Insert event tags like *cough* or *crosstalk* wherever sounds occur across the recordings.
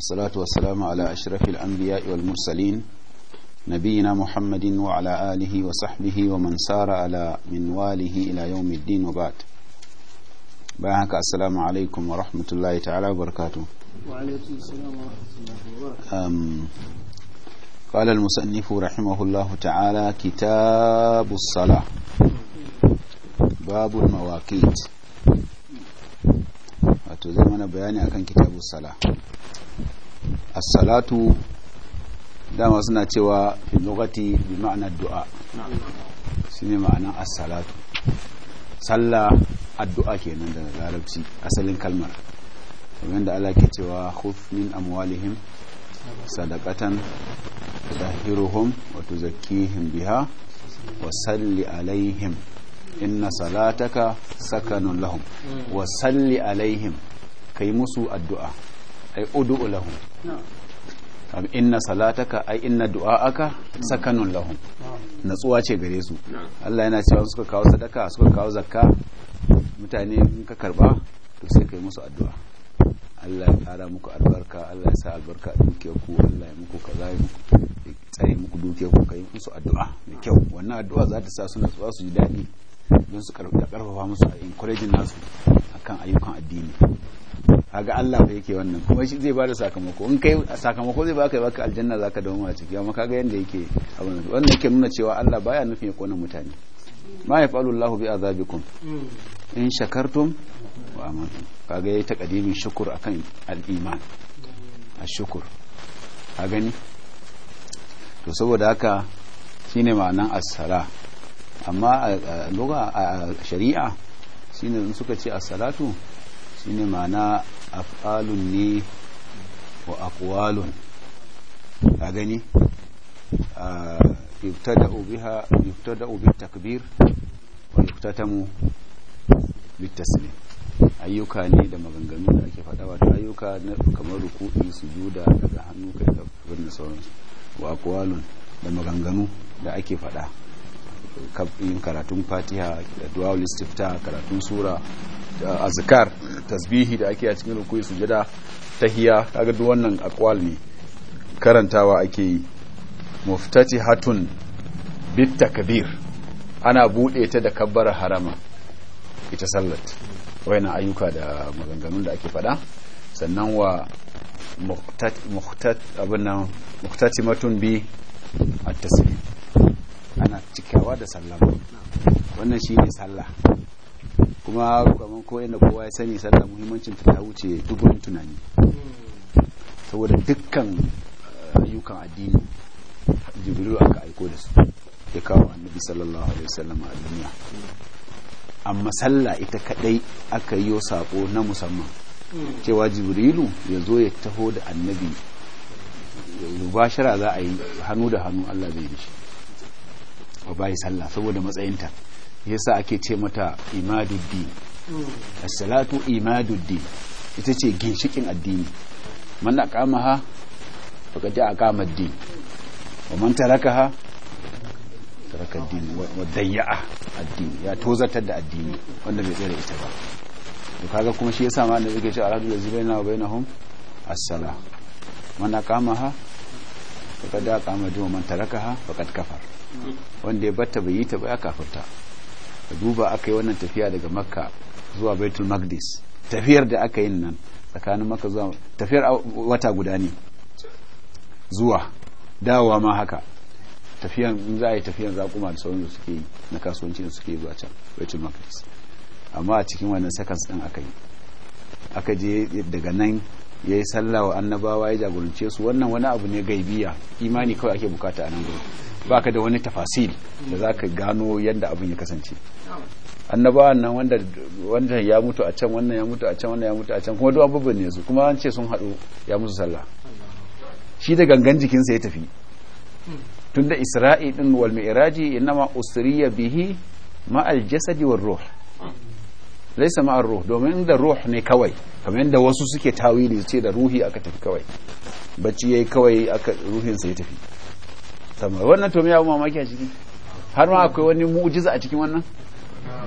والصلاة والسلام على أشرف الأنبياء والمرسلين نبينا محمد وعلى آله وصحبه ومن سار على منواله إلى يوم الدين وبعد باهك السلام عليكم ورحمة الله تعالى وبركاته وعليكم السلام ورحمة الله وبركاته قال المصنف رحمه الله تعالى كتاب الصلاة باب المواقيت wato zai mana bayani akan kitabu sala as-salatu dama suna cewa fi lugati bi ma'ana du'a shine ma'anan as-salatu sallah addu'a kenan da larabci asalin kalmar kamar da Allah ke cewa khuf min amwalihim sadaqatan tahiruhum wa tuzakkihim biha wa salli alaihim inna salataka sakanun lahum hmm. wa salli alaihim kai musu addu'a ai udu'u lahum inna salataka ai inna du'a'aka sakanun lahum natsuwa ce gare su Allah yana cewa suka kawo sadaka suka kawo zakka mutane in ka karba to sai kai musu addu'a Allah ya kara muku albarka Allah ya sa albarka a ku Allah ya muku kaza ya tsare muku duke ku kai musu addu'a da kyau wannan addu'a za ta sa su natsuwa su ji daɗi don su karfafa musu a encouraging nasu akan ayyukan addini kaga Allah fa yake wannan kuma shi zai bada sakamako in kai sakamako zai baka baka aljanna zaka dawo a ciki amma kaga yanda yake abin wannan yake nuna cewa Allah baya nufin ya kona mutane ma fa'alu Allahu bi azabikum in shakartum wa amantum kaga yayi takadimin shukur akan al-iman ash ka gani to saboda haka shine ma'anan as-sala amma a shari'a shine in suka ce as-salatu shine ma'ana af'alun ne wa akwalun a gani yukta da yubtada'u takbir wa mu bitaslim ayyuka ne da maganganu da ake faɗa ta ayyuka na kamar su juda daga hannu kai da wannan sauransu wa akwalun da maganganu da ake faɗa yin karatun fatiha da du'a istifta karatun sura azkar tasbihi da ake a cikin rukuyi sujada tahiya kaga duk wannan aqwal ne karantawa ake yi muftatihatun bit takbir ana bude ta da kabbara harama ita sallat wayannan ayyuka da maganganun da ake fada sannan wa matun bi at-taslim ana cikawa da sallama wannan shine sallah kuma kamar ko inda kowa ya sani sallah muhimmancin ta wuce duk wani tunani saboda dukkan eh, ayyukan addini jibril aka aiko da su ya kawo annabi sallallahu alaihi wasallam a duniya amma sallah ita kadai aka yi sako na musamman cewa jibrilu ya zo ya taho da annabi mubashara za a yi hannu da hannu Allah zai yi shi ba yi sallah saboda matsayinta yasa ake ce mata imaduddin as-salatu imaduddin ita ce ginshikin addini man aqamaha faqad aqama ad-din wa man tarakaha taraka ad-din wa dayya'a ad-din ya tozatar da addini wanda bai tsare ita ba to kaga kuma shi yasa ma annabi yake cewa alhamdu lillahi wa bainahum as-salah man aqamaha faqad aqama ad-din wa man tarakaha faqad kafar wanda ya batta bai yi ta ba ya kafarta. duba aka yi wannan tafiya daga makka zuwa baitul magdis tafiyar da aka yin nan tsakanin makka zuwa tafiyar wata guda ne zuwa dawowa ma haka tafiyan za a yi tafiyan za kuma da sauran da suke yi na kasuwanci da suke zuwa can baitul magdis amma a cikin wannan seconds din aka yi aka je daga nan ya yi sallah wa annabawa ya jagorance su wannan wani abu ne gaibiya imani kawai ake bukata a nan gudu ba ka da wani tafasil da za ka gano yadda abin ya kasance Annabawa nan wanda ya mutu a can wannan ya mutu a can wannan ya mutu a can kuma duk abubuwan ne su kuma an ce sun haɗu ya musu sallah shi da gangan jikinsa ya tafi tunda isra'i din wal mi'raji inma usriya bihi ma'al jasadi war ruh laisa ma'ar ruh domin inda ruh ne kawai kamar yadda wasu suke tawili ce da ruhi aka tafi kawai bacci yayi kawai aka ruhin sai tafi sama wannan to me yawo mamaki a ciki har ma akwai wani mu'jiza a cikin wannan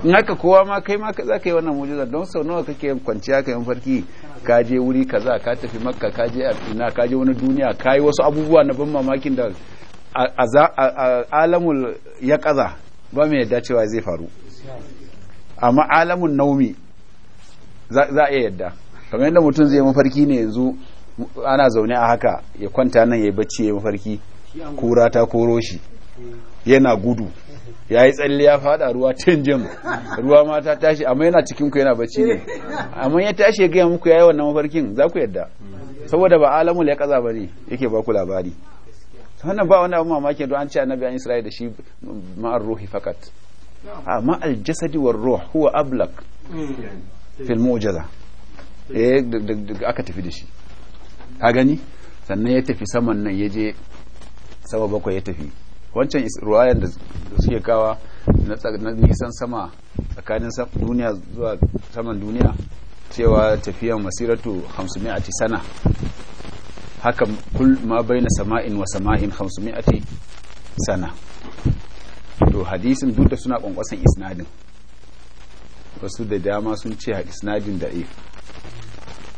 in haka kowa ma kai ma za ka yi wannan mu'jiza don sau nawa kake kwanciya ka yi farki ka je wuri kaza ka tafi makka ka je ina ka je wani duniya ka yi wasu abubuwa na ban mamakin da a alamul ya kaza ba mai yadda cewa zai faru amma alamun naumi za a iya yadda kamar yadda mutum zai mafarki ne yanzu ana zaune a haka ya kwanta nan ya yi bacci ya mafarki kura ta koro shi yana gudu ya yi tsalle ya fada ruwa tinjin ruwa ma ta tashi amma yana cikin ku yana bacci ne amma ya tashi ya gaya muku ya yi wannan mafarkin za ku yadda saboda ba alamun ya kaza ba ne yake ba ku labari wannan ba wani abu mamakin don an ce annabi an isra'ila da shi ma'ar ruhi fakat amma ah, aljasadi war ruh huwa ablak fil mu'jiza eh aka tafi da shi ka gani sannan ya tafi saman nan ya je sama bakwai ya tafi wancan ruwayan da suke kawa na nisan sama tsakanin duniya zuwa saman duniya cewa tafiyan masiratu 500 sana haka kul ma baina sama'in wa sama'in 500 sana to hadisin duk da suna kwankwasan isnadin wasu da dama sun ce isnadin da'if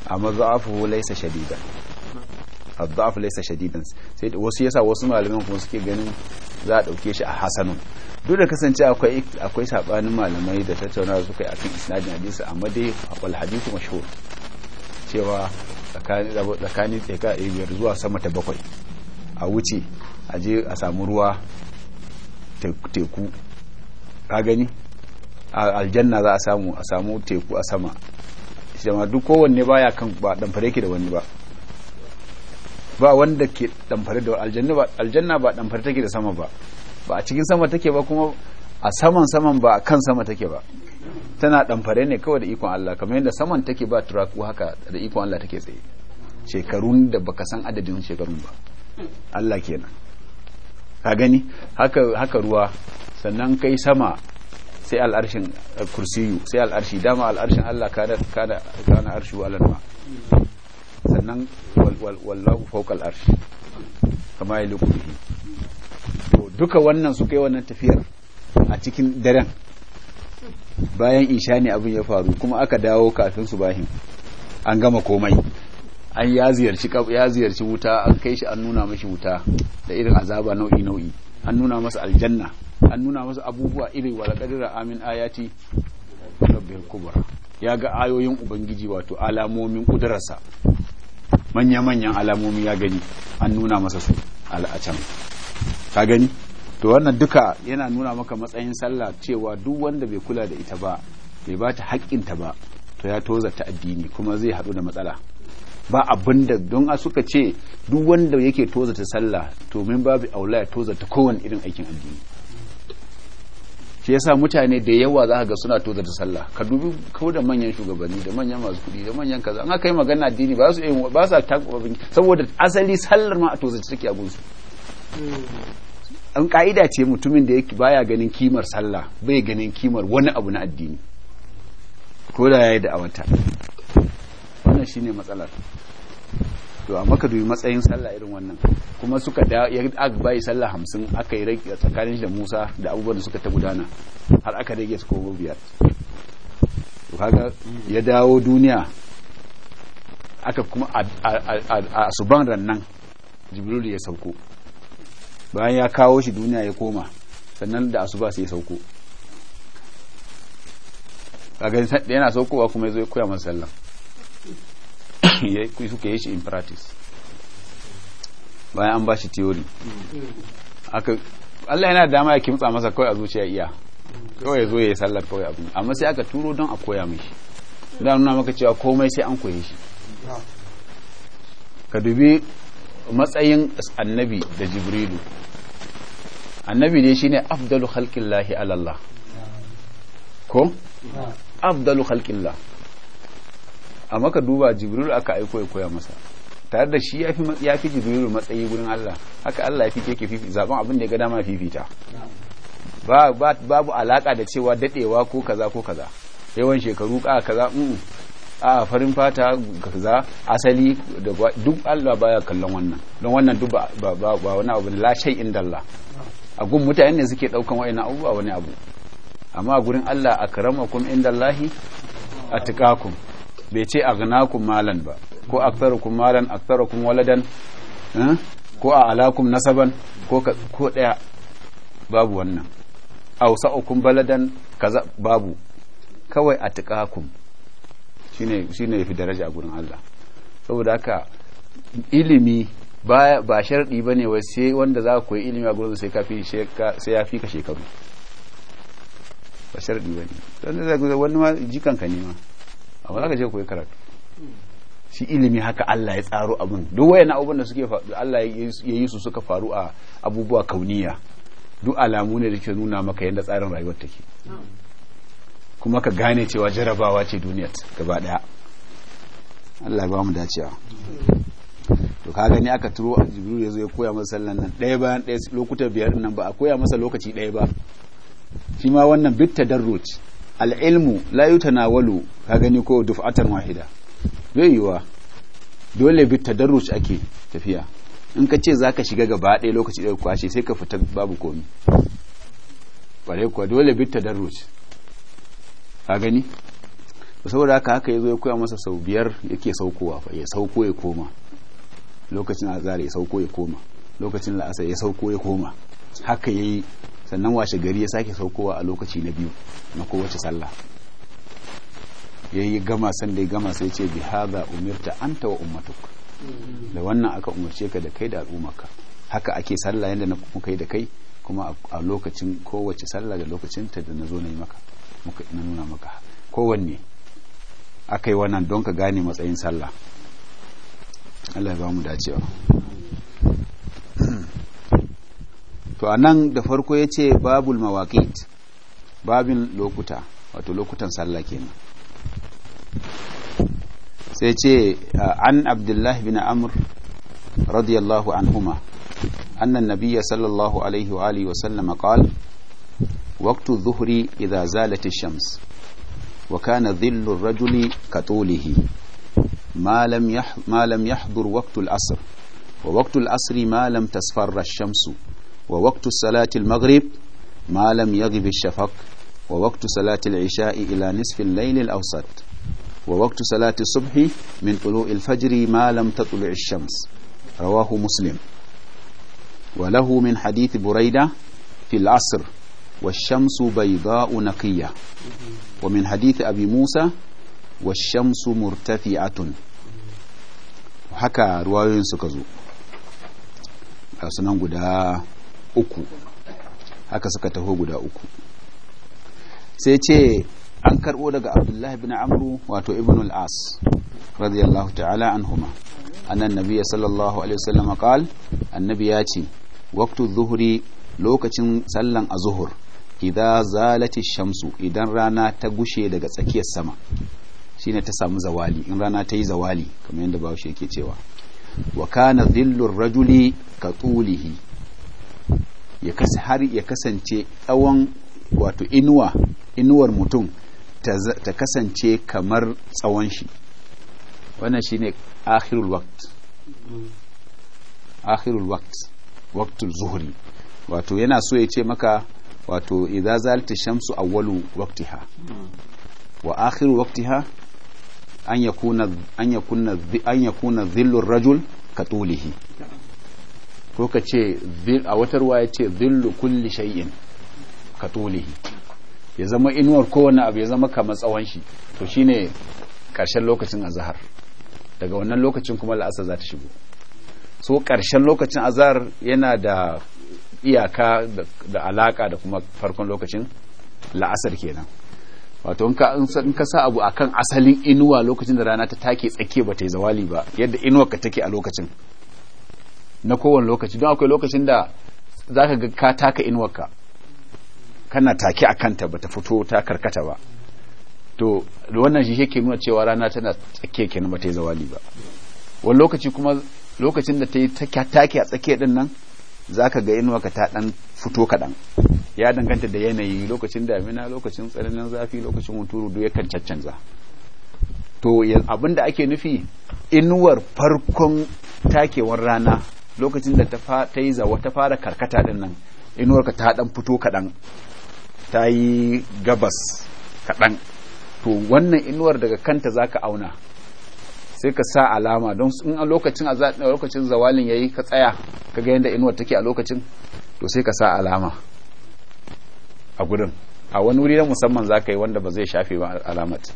amma za'afu laisa shadidan laisa shadidan sai wasu yasa wasu malaman kuma suke ganin za a dauke shi a hasanun duk da kasance akwai akwai sabanin malamai da tattaunawa suka yi akan isnadin hadisi amma dai wal hadithu mashhur cewa tsakanin tsakanin tsaka biyar zuwa sama ta bakwai a wuce a je a samu ruwa teku ka gani aljanna za a samu a samu teku a sama shi ma duk kowanne ya kan ba damfare ke da wani ba ba wanda ke damfare da aljanna ba aljanna ba damfare take da sama ba ba a cikin sama take ba kuma a saman saman ba a kan sama take ba tana damfare ne kawai da ikon Allah kamar yadda saman take ba turaku haka da ikon Allah take tsaye shekarun da baka san adadin shekarun ba Allah kenan ka gani haka haka ruwa sannan kai sama sai al'arshin eh, kursiyu sai al'arshi dama al'arshin Allah kada kada kana arshi wa ma sannan wallahu fawqa al'arshi kama yaliku bihi to duka wannan su kai wannan tafiyar a cikin daren bayan isha ne abin ya faru kuma aka dawo kafin su bahin an gama komai an ya ziyarci ya ziyarci wuta an kai shi an nuna mashi wuta da irin azaba nau'i nau'i an nuna masa aljanna an nuna masa abubuwa irin wala qadira amin ayati rabbil kubra ya ga ayoyin ubangiji wato alamomin kudarsa manya manyan alamomi ya gani an nuna masa su al'acan ka gani to wannan duka yana nuna maka matsayin sallah cewa duk wanda bai kula da ita ba bai ba ta haƙƙinta ba to ya toza ta addini kuma zai haɗu da matsala ba abin da don a suka ce duk wanda yake tozata sallah to min babu aula ya tozata kowane irin aikin addini shi yasa mutane da yawa za ga suna tozata sallah ka dubi ko da manyan shugabanni da manyan masu kudi da manyan kaza an aka yi magana addini ba su yi ba sa abin saboda asali sallar ma a tozata take a gunsu an ka'ida ce mutumin da yake baya ganin kimar sallah bai ganin kimar wani abu na addini ko da yayi da awata wannan shine matsalar to amma ka dubi matsayin sallah irin wannan kuma suka da ya agba yi sallah hamsin aka yi rage tsakanin da musa da abubuwan da suka ta gudana har aka rage su kogo biyar to kaga ya dawo duniya aka kuma a suban rannan jibrilu ya sauko bayan ya kawo shi duniya ya koma sannan da asuba sai ya sauko kaga yana saukowa kuma ya zo ya koya masa sallah *laughs* suka yi shi in practice bayan an ba shi theory aka Allah yana dama ya kimtsa masa kawai a zuciya iya kawai zo ya yi sallar kawai abu amma sai aka turo don a koya mishi da nuna maka cewa komai sai an koye shi ka dubi matsayin annabi da jibrilu annabi ne shine afdalu lahi alallah ko afdalu lahi a maka duba jibril aka aiko ya koya masa tare da shi ya fi jibrilu matsayi gurin Allah haka Allah ya fi ke fifi zaben abin da ya ga dama fifita babu alaka da cewa dadewa ko kaza ko kaza yawan shekaru ka kaza mm, a farin fata kaza asali da duk Allah baya kallon wannan don wannan duk ba wani abu la shay inda Allah a gun mutane ne suke daukan wa'ina abubuwa wani abu amma gurin Allah a akramakum inda Allahi atqakum bai ce aghnakum malan ba ko aktharukum malan aktharukum waladan eh, ko a alakum nasaban ko ko daya babu wannan awsa'ukum baladan kaza babu kawai atqakum shine shine yafi daraja a gurin Allah saboda haka ilimi ba sharɗi ba ne wai sai wanda za ku yi ilimi a gurin sai ya fi ka shekaru ba sharɗi ba ne wani ma jikanka ne ma amma za ka je koyi karatu shi ilimi haka Allah ya tsaro abin duk wayan abubuwan da suke Allah ya yi su suka faru a abubuwa kauniya duk alamu ne da ke nuna maka yadda tsarin rayuwar take kuma ka gane cewa jarabawa ce duniya gaba daya Allah ya ba mu dacewa to ka gani aka turo jibril ya zo ya koya masa sallan nan ɗaya bayan ɗaya lokuta biyar nan ba a koya masa lokaci ɗaya ba shi ma wannan bitta darroci al'ilmu la yutanawalu ka gani ko duf'atan wahida zai yiwa dole bi tadarruj ake tafiya in ka ce zaka shiga gaba ɗaya lokaci ɗaya kwashe sai ka fita babu komi bare kuwa dole bi tadarruj ka gani saboda haka haka zo ya koya masa sau biyar yake saukowa ya sauko ya koma lokacin azhar ya sauko ya koma lokacin la'asar ya sauko ya koma haka yi. sannan washe gari ya sake saukowa a lokaci na biyu na kowace sallah ya yi gama sanda ya gama sai ce bi haza umirta anta wa ummatuk da wannan aka umarce ka da kai da al'ummarka haka ake sallah yadda na kuma kai da kai kuma a lokacin kowace sallah da ta da na zo na yi maka na nuna maka kowanne aka yi wannan don ka gane matsayin sallah Allah ya ba mu dacewa to a nan da farko ya ce babul mawaƙit babin lokuta wato lokutan sallah kenan sai ce an abdullahi bin amur radiyallahu anhuma annan nabiya sallallahu alaihi wa alihi wasallama ƙal waktu zuhuri idha zalati shams wa rajuli ka tolihi ma lam yahdur waktu wa waktu al'asri malam lam shamsu ووقت صلاة المغرب ما لم يغب الشفق ووقت صلاة العشاء إلى نصف الليل الأوسط ووقت صلاة الصبح من طلوع الفجر ما لم تطلع الشمس رواه مسلم وله من حديث بريدة في العصر والشمس بيضاء نقية ومن حديث أبي موسى والشمس مرتفعة وحكى رواية سكزو سننقل uku haka suka taho guda uku sai ce an karbo daga abdullahi bin amru wato ibn al-as radiyallahu ta'ala anhuma annan nabiyya sallallahu alaihi wasallam qal annabi ya ce waqtu zuhuri lokacin sallan azhur idza zalati shamsu idan rana ta gushe daga tsakiyar sama shine ta samu zawali in rana ta yi zawali kamar yadda bawo shi yake cewa wa kana dhillur rajuli ka tulihi ya kasa har ya kasance tsawon wato inuwa inuwar mutum ta kasance kamar tsawon shi wannan shine akhirul waqt akhirul waqt waqtul zuhri wato yana so ya ce maka wato idza zalta shamsu awwalu waqtiha wa akhiru waqtiha an yakuna an yakuna an yakuna dhillu rajul katulihi ko ka ce a wata ruwa ya ce zillu kulli shay'in ka tolihi ya zama inuwar kowane abu ya zama kamar tsawon shi to shine karshen lokacin azahar daga wannan lokacin kuma la'asa za ta shigo so karshen lokacin azahar yana da iyaka da alaka da kuma farkon lokacin la'asar kenan wato in ka sa abu akan asalin inuwa lokacin da rana ta take tsake ba ta yi zawali ba yadda inuwar ka take a lokacin na kowane lokaci don akwai lokacin da za ka ga ka taka inuwarka kana take a kanta ba ta fito ta karkata ba to da wannan shi yake nuna cewa rana tana tsakiya kenan ba ta yi zawali ba wani lokaci kuma lokacin da ta yi take a tsakiya din nan za ka ga inuwarka ta dan fito kaɗan ya danganta da yanayi lokacin damina lokacin tsananin zafi lokacin hunturu duk yakan caccanza to abin da ake nufi inuwar farkon takewar rana lokacin da ta yi zawa ta fara karkata din nan inuwarka ta dan fito kaɗan ta yi gabas kaɗan to wannan inuwar daga kanta za ka auna sai ka sa alama don in a lokacin lokacin zawalin yayi ka tsaya ka ga yadda inuwar take a lokacin to sai ka sa alama a gudun a wani wuri na musamman za ka yi wanda ba zai shafe ba alamat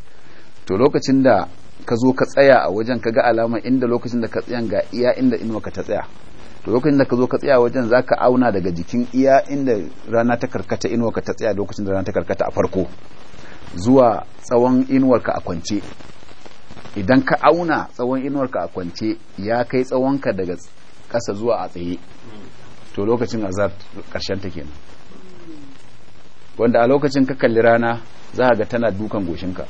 to lokacin da ka zo ka tsaya a wajen ka ga alama inda lokacin da ka tsayan ga iya inda inuwa ka ta tsaya to lokacin da ka zo ka tsaya wajen za ka auna daga jikin iya inda rana ta karkata ka ta tsaya lokacin da rana ta karkata a farko zuwa tsawon ka a kwance idan ka auna tsawon ka a kwance ya kai tsawonka daga kasa zuwa a tsaye to lokacin azar karshen ta kenan wanda a lokacin ka kalli rana za ga tana dukan goshinka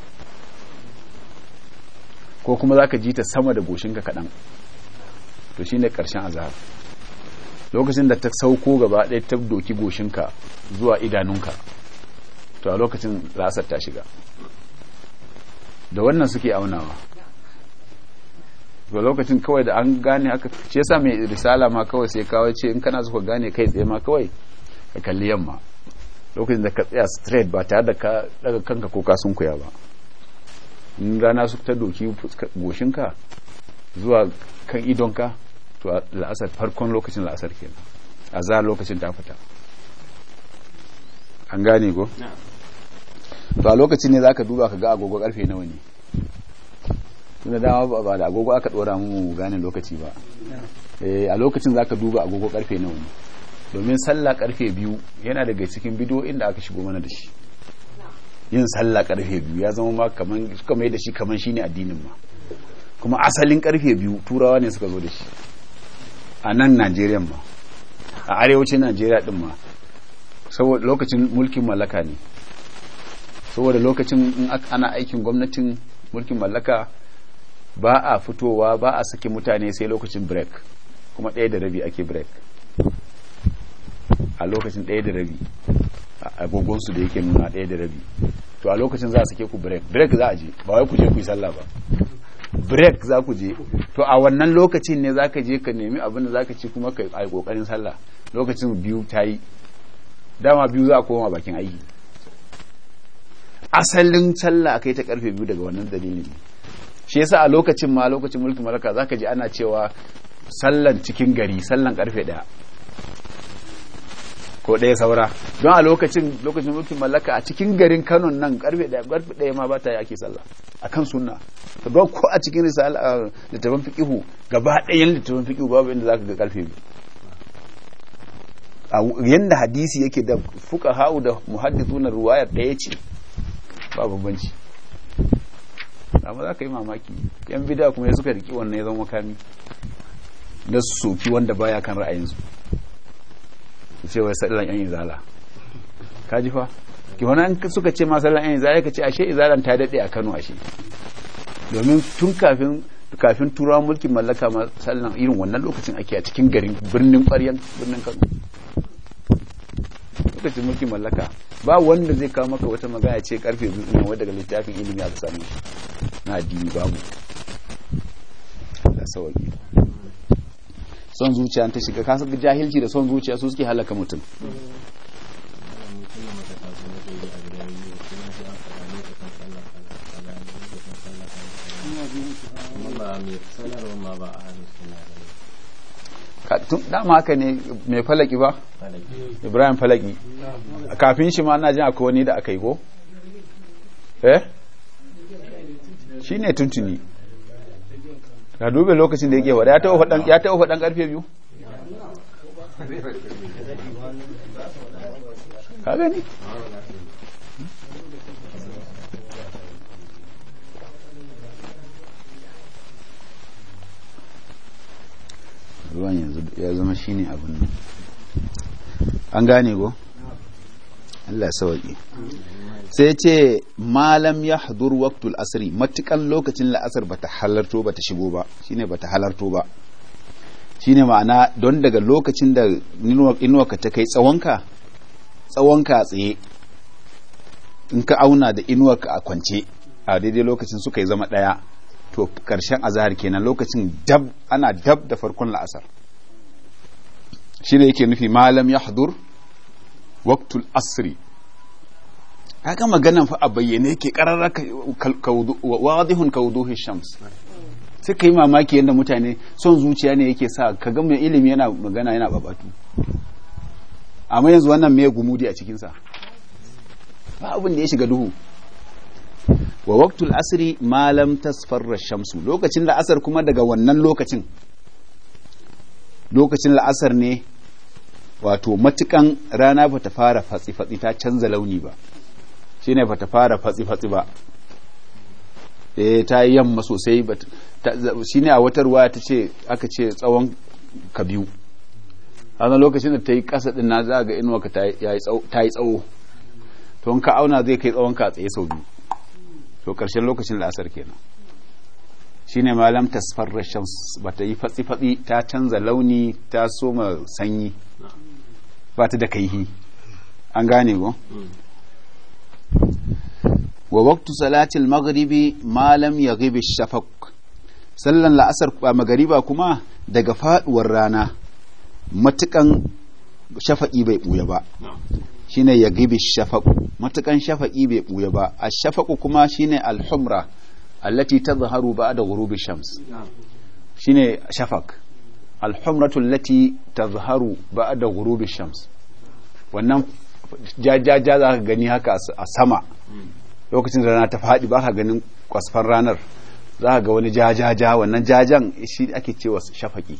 ko kuma za ka ji ta sama da goshinka kaɗan to shine ƙarshen azahar lokacin da ta sauko gaba ɗaya ta doki goshinka zuwa idanunka to a lokacin rasar ta shiga da wannan suke aunawa ga lokacin kawai da an gane aka ce sa mai risala ma kawai sai kawai ce in kana suka gane kai tsaye ma kawai ka kalli yamma lokacin da ka tsaya straight ba tare da ka daga kanka ko ka sunkuya ba in rana su ta doki goshinka zuwa kan idonka to la'asar farkon lokacin la'asar kenan za lokacin ta fita an gane go to a lokacin ne za ka duba ka ga agogo karfe nawa ne tunda dama ba da agogo aka dora mu gane lokaci ba eh, a lokacin za ka duba agogo karfe nawa ne domin sallah karfe biyu yana daga cikin bidiyo inda aka shigo mana da shi yin sallah karfe biyu ya zama ma kaman suka mai da shi kaman shine addinin ma kuma asalin karfe biyu turawa ne suka zo da shi a nan najeriya ma a arewacin najeriya din ma saboda lokacin mulkin mallaka ne saboda lokacin ana aikin gwamnatin mulkin mallaka ba a fitowa ba a sake mutane sai lokacin break kuma ɗaya da rabi ake break a lokacin ɗaya da rabi agogonsu da yake nuna ɗaya da rabi to a lokacin za a sake ku break break za a je ba wai ku je ku yi sallah ba break za ku je to a wannan lokacin ne za ka je ka nemi abin da za ka ci kuma ka yi kokarin sallah lokacin biyu ta yi dama biyu za a koma bakin aiki asalin sallah kai ta karfe biyu daga wannan dalilin shi yasa a lokacin ma lokacin mulkin malaka za ka ji ana cewa sallan cikin gari sallan karfe daya ko ɗaya saura don a lokacin lokacin mulkin mallaka a cikin garin Kano nan karfe ɗaya karfe ɗaya ma bata yake sallah akan sunna to ko a cikin risala littafin fiqihu gaba ɗayan littafin babu inda zaka ga karfe biyu a yanda hadisi yake da fuka ha'u da muhaddithuna ruwayar ɗaya ce ba bambanci amma za ka yi mamaki yan bida kuma ya suka riki wannan ya zama makami na su soki wanda baya kan ra'ayinsu ce wai sallan yan izala ka ji fa ki wannan suka ce ma sallan yan izala ka ce ashe izalan ta dade a Kano ashe domin tun kafin kafin turawa mulkin mallaka ma sallan irin wannan lokacin ake a cikin garin birnin ƙwaryan birnin Kano lokacin mulkin mallaka ba wanda zai kawo maka wata magana ce karfe biyu wadda daga littafin ilimi aka samu na addini mu da sauki son zuciya ta shiga ka jahilci da son zuciya su suke halaka mutum dama haka ne mai falaki ba ibrahim falaki kafin shi ma na jin akwai wani da aka yi ko eh shi ne tuntuni ka dube lokacin da yake wada ya taɓa faɗan ƙarfe biyu ka gani ruwan yanzu ya zama shine abin nan an gane go Allah sauki sai ce malam ya hadur waktul asri matukan lokacin la'asar bata halarto bata shigo ba shine bata halarto ba shine ma'ana don daga lokacin da inuwarka ta kai tsawonka tsawonka tsaye in ka auna da inuwarka a kwance a daidai lokacin suka yi zama ɗaya to karshen azahar kenan lokacin dab ana dab da farkon la'asar shi ne yake nufi malam ya hadur waktul asri kaga maganan fa a bayyane yake kararra wadihun kawduhi shams sai kai mamaki yadda mutane son zuciya ne yake sa ka ga mai ilimi yana magana yana babatu amma yanzu wannan mai gumudi a cikinsa ba abin da ya shiga duhu wa waktul asri malam tasfarra shamsu lokacin la'asar kuma daga wannan lokacin lokacin la'asar ne wato matukan rana ba ta fara fatsi-fatsi ta canza launi ba shi ne ba ta fara fatsi-fatsi ba eh ta yi yamma sosai shi ne a watarwa ta ce aka ce tsawon ka biyu hannun lokacin da ta yi ƙasa ɗin na za ga inuwa ka ta yi tsawo to ka auna zai kai tsawon ka tsaye sau biyu to ƙarshen lokacin la'asar kenan shine malam tasfarra shams bata yi fatsi-fatsi ta canza launi ta soma sanyi ba ta da kaihi an gane ko wa waqtu salatil maghribi malam ya yaghib shafak sallan la'asar magariba kuma daga faduwar rana matukan shafaki bai buya ba shine ya ash shafak matukan shafaki bai buya ba a shafaku kuma shine alhumra humra allati tadhharu ba'da ghurubi shams shine shafaq alhumratul lati tazharu ba'da ghurubi shams wannan jajaja za ka gani haka a sama lokacin da rana ta faɗi ba ka ganin kwasfan ranar za ka ga wani jajaja wannan jajan shi ake cewa shafaki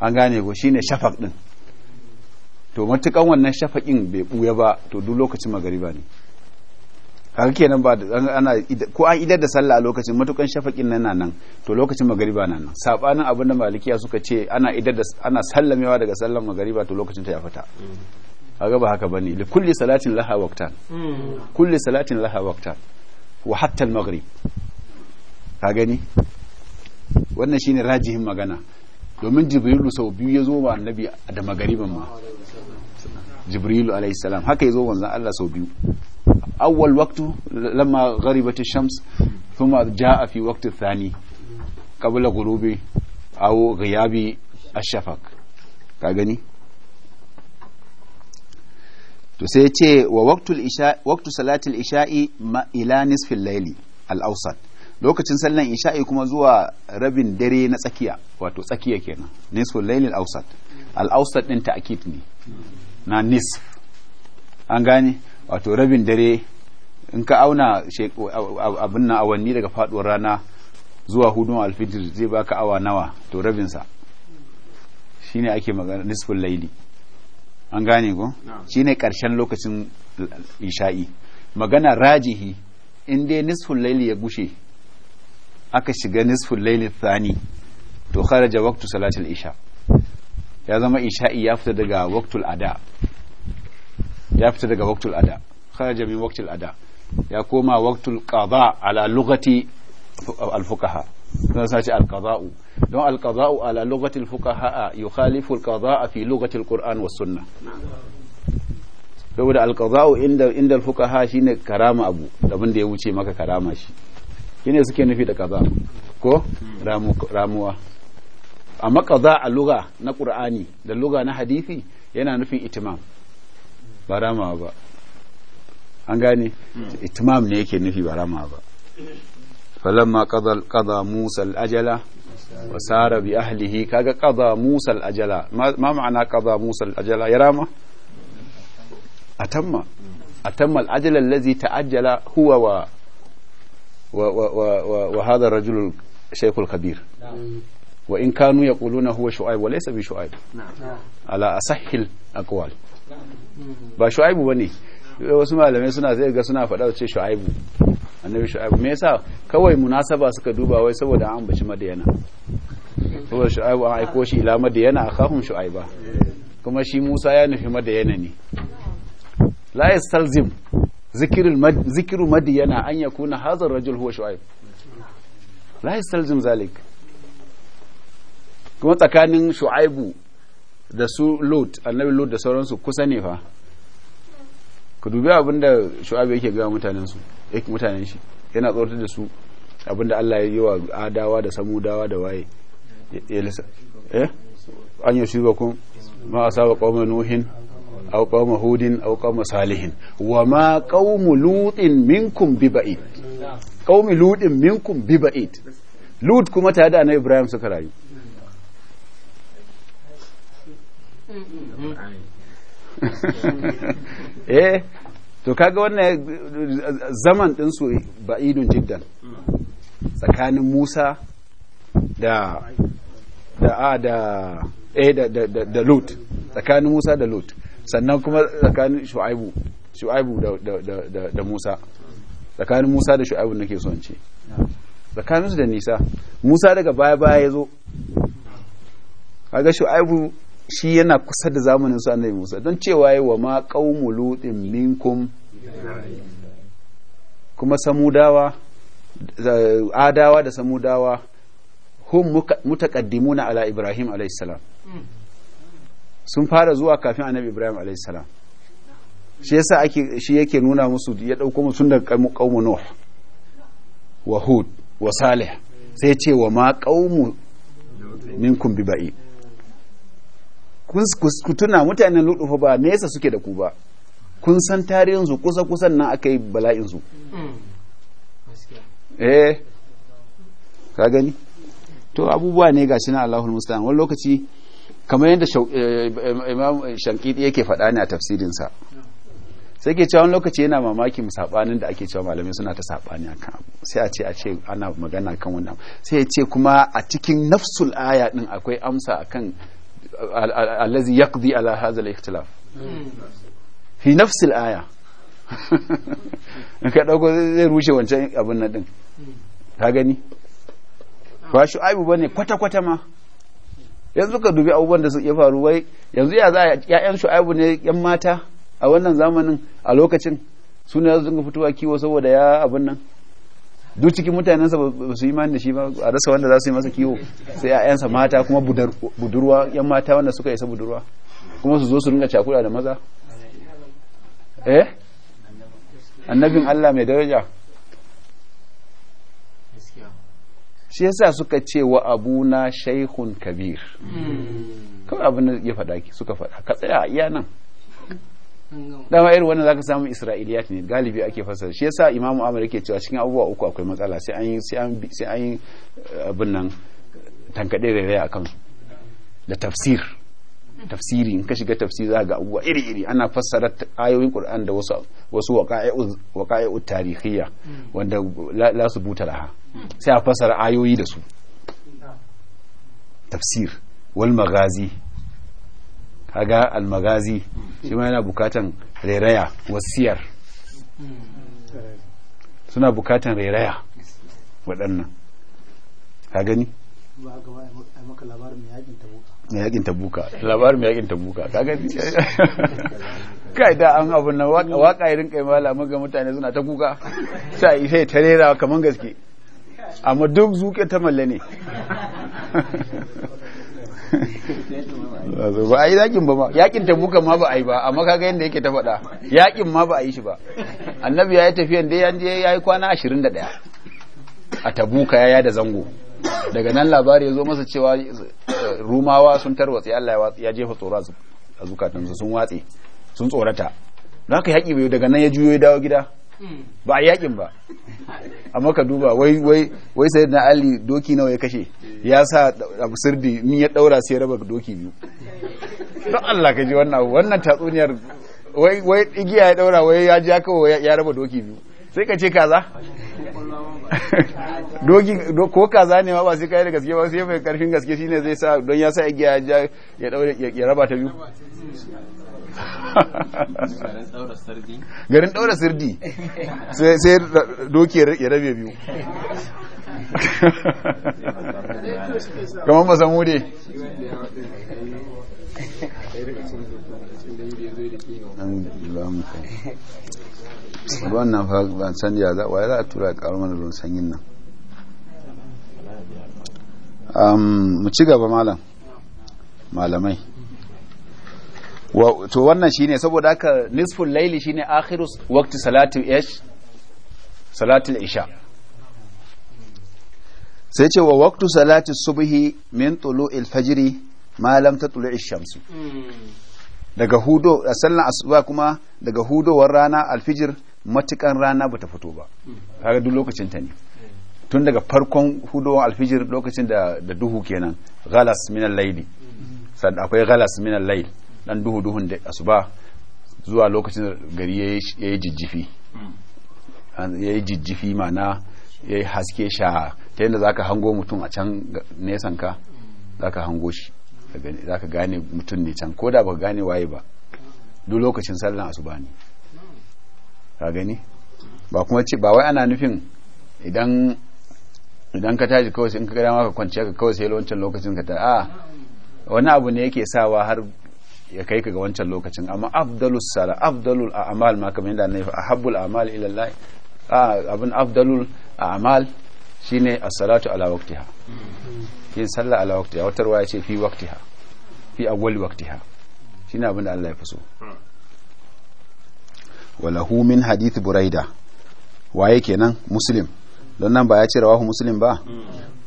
an gane ko shine shafak din to matukan wannan shafakin bai buya ba to duk lokacin magariba ne kaga kenan ba ana ko an idar da sallah a lokacin matukan shafakin nan nan to lokacin magariba nan nan sabanin abin da malikiya suka ce ana idar da ana sallamewa daga sallan magariba to lokacin ta ya fita kaga ba haka bane li kulli salatin laha waqtan kulli salatin laha waqtan wa hatta al-maghrib ka gani wannan shine rajihin magana domin jibrilu sau biyu ya zo ba annabi da magariban ma jibrilu alayhi salam haka ya zo wanzan Allah sau biyu awwal waqtu lamma gharibat ash-shams thumma jaa fi waqti thani gurubi ghurubi aw ghiyabi ash-shafaq ka gani to sai ce wa waqtul waqtu salatil isha'i ma ila nisfil layli al-awsat lokacin sallan isha'i kuma zuwa rabin dare na tsakiya wato tsakiya kenan nisful layli al-awsat al-awsat din ta'kid ne na nisf an gane wato rabin dare in ka auna abin na awanni daga faduwar rana zuwa hudun alfitir zai baka awa nawa to rabin shi shine ake magana nisfin laili an gane ko shine karshen lokacin isha'i magana rajihi in dai nisfin laili ya bushe aka shiga nisfin laili thani to kharaja waqtu salatul isha ya zama isha'i ya fita daga waqtul ada ya fita daga waqtul ada kharaja min ada ya koma waqtul qada ala lughati al fuqaha sace al qada'u don al qada'u ala lughati al fuqaha yukhalifu al qada'a fi lughati al qur'an was saboda al qada'u inda inda al fuqaha shine karama abu abin da ya wuce maka karama shi shine suke nufi da kaza ko ramuwa amma kaza a luga na qur'ani da luga na hadisi yana nufin itimam barama ba an gane itimam ne yake nufi barama ba falamma qada musa al-ajala wa sara bi ahlihi kaga qada musa al-ajala ma ma'ana qada musa al-ajala yarama atamma atamma al-ajala allazi ta'ajjala huwa wa wa wa wa hadha ar-rajul shaykh al-kabir wa in kanu yaquluna huwa shu'aib wa laysa bi shu'aib ala asahhil aqwal ba shu'aibu ba ne. wasu malamai suna sai ga suna faɗa ce shu'aibu annabi shu'aibu me yasa kawai munasaba suka duba wai saboda an bace madiyana saboda shu'aibu an aiko shi ila madiyana kafin shu'aiba kuma shi Musa ya nufi madiyana ne la yastalzim zikiru madiyana an yakuna kuna ar-rajul huwa shu'aib la yastalzim zalik kuma tsakanin shu'aibu da su lot annabi lot da sauransu kusa ne fa ku dubi abin da shu'abu yake gaya mutanen su yake mutanen shi yana tsortar da su abin da Allah ya yi wa adawa da samudawa da waye ya lisa eh an yi shiga kun ma asaba qauma nuhin aw qauma hudin aw qauma salihin wa ma qaumu lutin minkum bi ba'id qaumi lutin minkum bi ba'id lut kuma ta da na ibrahim suka rayu eh to kaga wannan zaman ɗinsu ba'idun jiddan tsakanin musa da da a da eh da da da lut tsakanin musa da lut sannan kuma tsakanin shu'aibu shu'aibu da da da musa tsakanin musa da shu'aibu nake so in ce tsakanin su da nisa musa daga baya baya ya zo kaga shu'aibu shi yana kusa da zamanin su annabi Musa don cewa yi wa ma qaumu lutin minkum kuma samudawa adawa da samudawa hum mutaqaddimuna ala Ibrahim alayhi sun fara zuwa kafin annabi Ibrahim alayhi shi yasa ake shi yake nuna musu ya dauko musu daga qaumu Nuh wa Hud wa Salih sai ce wa ma qaumu minkum bi ku tuna mutanen ludu fa ba nesa suke da ku ba kun san tarihin su kusa kusan nan aka yi bala'in su hmm, eh ka gani to abubuwa ne gashi na Allahul musta'an wani lokaci kamar yadda eh, Imam Shankiti yake faɗa ne a tafsirin sa sai ke cewa wani lokaci yana mamakin musabanin da ake cewa malamai suna ta sabani akan abu sai a ce a ce ana magana kan wannan sai ya ce kuma a cikin nafsul aya din akwai amsa akan allazi yaqdi ala fi nafs aya in ka dauko zai rushe wancan abin na din ka gani ba shi aibu bane kwata kwata ma yanzu ka dubi abubuwan da su ya faru wai yanzu ya za a ƴaƴan shu'aibu ne yan mata a wannan zamanin a lokacin suna ne fitowa kiwo saboda ya abin nan duk cikin mutanensa ba su yi mani da shi ba a rasa wanda za su yi masa kiwo sai a''yansa mata kuma budurwa yan mata wanda suka isa budurwa kuma su zo su ringa cakula da maza eh annabin Allah mai daraja shi yasa suka ce wa na shaikhun kabir hmm. kawai abin da ya faɗa suka faɗa ka tsaya iya nan dama irin wannan zaka samu isra'iliyat ne galibi ake fasara shi yasa imamu amir yake cewa cikin abubuwa uku akwai matsala sai an yi sai an yi eh, nan tankade rere a kansu da tafsir tafsiri in ka shiga tafsir za ga abubuwa iri iri ana fassara ayoyin qur'an da wasu wasu waqa'i'u tarihiyya wanda la su buta laha sai a fassara ayoyi da su tafsir wal magazi kaga almagazi shi ma yana bukatan reraya wasiyar suna bukatan reraya waɗannan ka gani mai yakin tabuka labarin mai yakin tabuka ka gani *laughs* kai da an abun na waka irin kai malamin ga mutane suna ta kuka sai sai ta rera kamar gaske amma duk zuke ta malle ne *laughs* ba a yi yakin ba ma yakin tabuka ma ba a yi ba amma kaga yadda yake ta faɗa yakin ma ba a yi shi ba annabi ya yi tafiyan da yan je ya yi kwana 21 a tabuka ya da zango daga nan labari ya zo masa cewa eh, rumawa sun tarwatse Allah ya jefa tsoro a zukatansu sun watse sun tsorata don haka yaƙi bai daga nan ya juyo ya dawo gida Hmm. ba a yakin ba amma ka duba wai wai wai sai na ali doki nawa ya kashe ya sa abu sirdi min ya daura sai raba doki biyu don Allah ka ji wannan wannan tatsuniyar wai wai igiya ya daura wai ya ja kawo ya raba doki biyu sai ka ce kaza *laughs* doki ko kaza ne ma ba sai kai da gaske ba sai mai karfin gaske shine zai sa don ya sa igiya ya ja ya daura ya raba ta biyu garin ɗaura sirdi sai doki ya rabe biyu kamar ba samu dai ruwan nan fa ban san ya za waye za a tura ƙarar mana ruwan sanyin nan mu ci gaba malam malamai to wannan shine saboda haka nisful laili shine akhirus waqti salati ish salatul isha sai ce wa waqtu salati subhi min tulu'il fajri ma lam tatlu'i ash-shams daga hudo a sallan asuba kuma daga hudowar rana alfijir matukan rana bata fito ba kaga duk lokacin ta ne tun daga farkon hudowar alfijir lokacin da duhu kenan galas min al-layli akwai galas min al-layli dan duhu duhun da asuba zuwa lokacin gari ya yi jijjifi ya yi jijjifi mana ya yi haske sha ta yadda za ka hango mutum a can nesan ka za ka hango shi za ka gane mutum ne can ko da ba gane waye ba duk lokacin sallan asuba ne ka gani ba kuma ce ba wai ana nufin idan idan ka tashi kawai in ka gada maka kwanciya ka kawai sai lokacin ka ta a wani abu ne yake sawa har ya kai ka ga wancan lokacin amma afdalus sala afdalul a'mal ma kamar yadda nayi ahabbul a'mal ila Allah abin afdalul a'mal shine as-salatu ala waqtiha yin sallah ala waqtiha wata ruwaya ce fi waqtiha fi awwal waqtiha shine abin da Allah ya fuso walahu min hadith buraida waye kenan muslim don nan ba ya ce rawahu muslim ba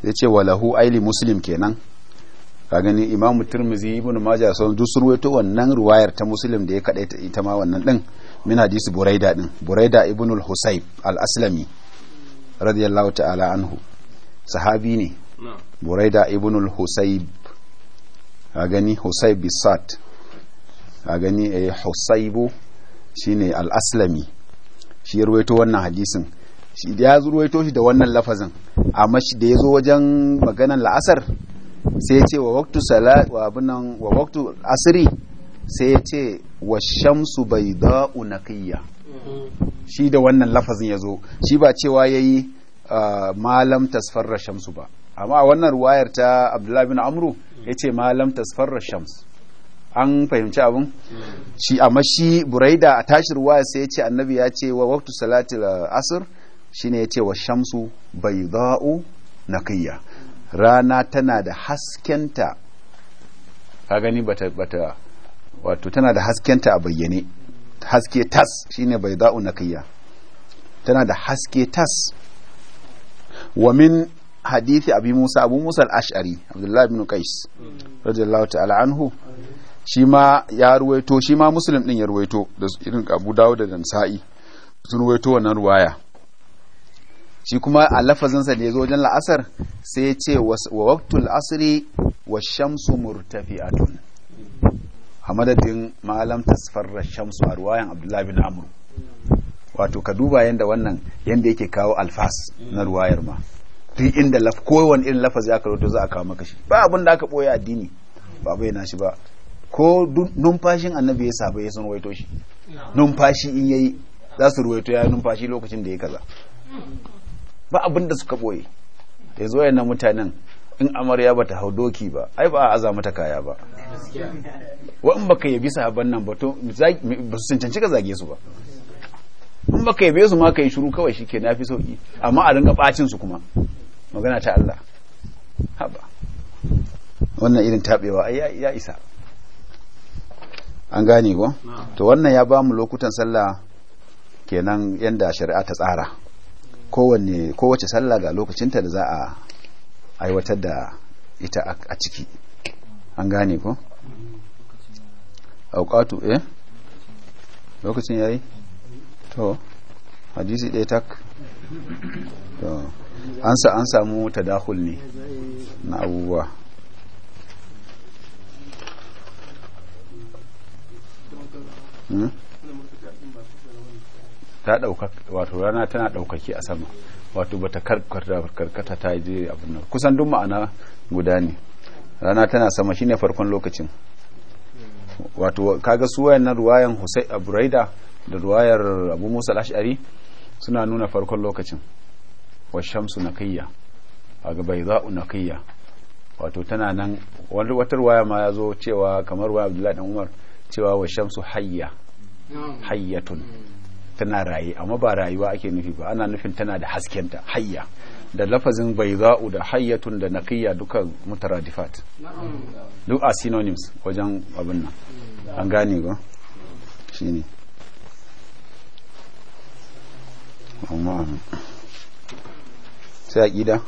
yace ce walahu aili muslim kenan ka gani imamu turmizi ibn majah sun duk surwaito wannan ruwayar ta muslim da ya kaɗai ta ita ma wannan ɗin min hadisi buraida ɗin buraida ibn al-husayb al-aslami radiyallahu ta'ala anhu sahabi ne buraida ibn al-husayb ka gani husayb bisat ka gani eh husaybu shine al-aslami shi ya ruwaito wannan hadisin shi da ya ruwaito shi da wannan lafazin amma shi da ya zo wajen maganan la'asar sai ya ce wa waktu salat wa nan wa waktu asiri sai ya ce wa shamsu bai da'u naqiyya shi da wannan lafazin ya zo shi ba cewa ya yi ah, malam tasfarra shamsu ba amma a wannan ruwayar ta abdullahi bin amru ya ce malam tasfarra shamsu. an fahimci abin shi amma shi buraida a tashi ruwaya sai ya ce annabi ya ce wa waktu asir asr shine ya ce wa shamsu na naqiyya rana tana da haskenta ka gani bata bata wato tana da haskenta a bayyane haske tas shine bai za'u na kaiya. tana da haske tas wa min hadithi abi musa abu musa al-ash'ari abdullahi ibn qais radiyallahu ta'ala anhu shi ma ya ruwaito shi ma muslim din ya ruwaito da irin abu dawud da sa'i sun ruwaito wannan ruwaya shi kuma a lafazinsa da ya zo wajen la'asar sai ya ce wa waktul asiri wa shamsu murtafi a madadin malam tasfarra shamsu a ruwayan abdullahi bin amur wato ka duba yadda wannan yadda yake kawo alfas na ruwayar ma duk inda kowane irin lafazi aka to za a kawo maka shi ba abin da aka boye addini ba bai na shi ba ko numfashin annabi ya saba ya san ruwaito shi numfashi in yayi za su ruwaito ya numfashi lokacin da ya kaza ba abin da suka boye da ya zo yana mutanen in amarya bata hau doki ba ai ba a aza mata kaya ba wa in baka yabi sahabban nan ba ba su cancanci ka zage su ba in baka yabe su ma ka yi shiru kawai shike fi sauki amma a dinga bacin su kuma magana ta Allah haba wannan irin tabewa ai ya isa an gane ko to wannan ya ba mu lokutan sallah kenan yanda shari'a ta tsara kowanne kowace sallah ga lokacinta da za a aiwatar da ita a ciki an gane ko auqatu eh lokacin yayi to hadisi ɗaya tak to ansa an samu tadahul ne na abubuwa hmm? ta dauka wato rana tana ɗaukaki a sama wato bata karkata karkata ta je abin nan kusan duk ma'ana guda ne rana tana sama shine farkon lokacin wato kaga su wayannan ruwayan husai Aburaida da ruwayar Abu Musa al-Ash'ari suna nuna farkon lokacin wa shamsu nakiyya kaga baydha'u nakiyya wato tana nan wani wata ruwaya ma ya zo cewa kamar ruwaya Abdullahi dan Umar cewa wa shamsu hayya mm. hayyatun mm. tana raye amma ba rayuwa ake nufi ba ana nufin tana da haskenta hayya da lafazin bai za'u da hayyatun da naqiyya duka mutaradifat duk a synonyms wajen abin nan an gane ba shine amma sai aqida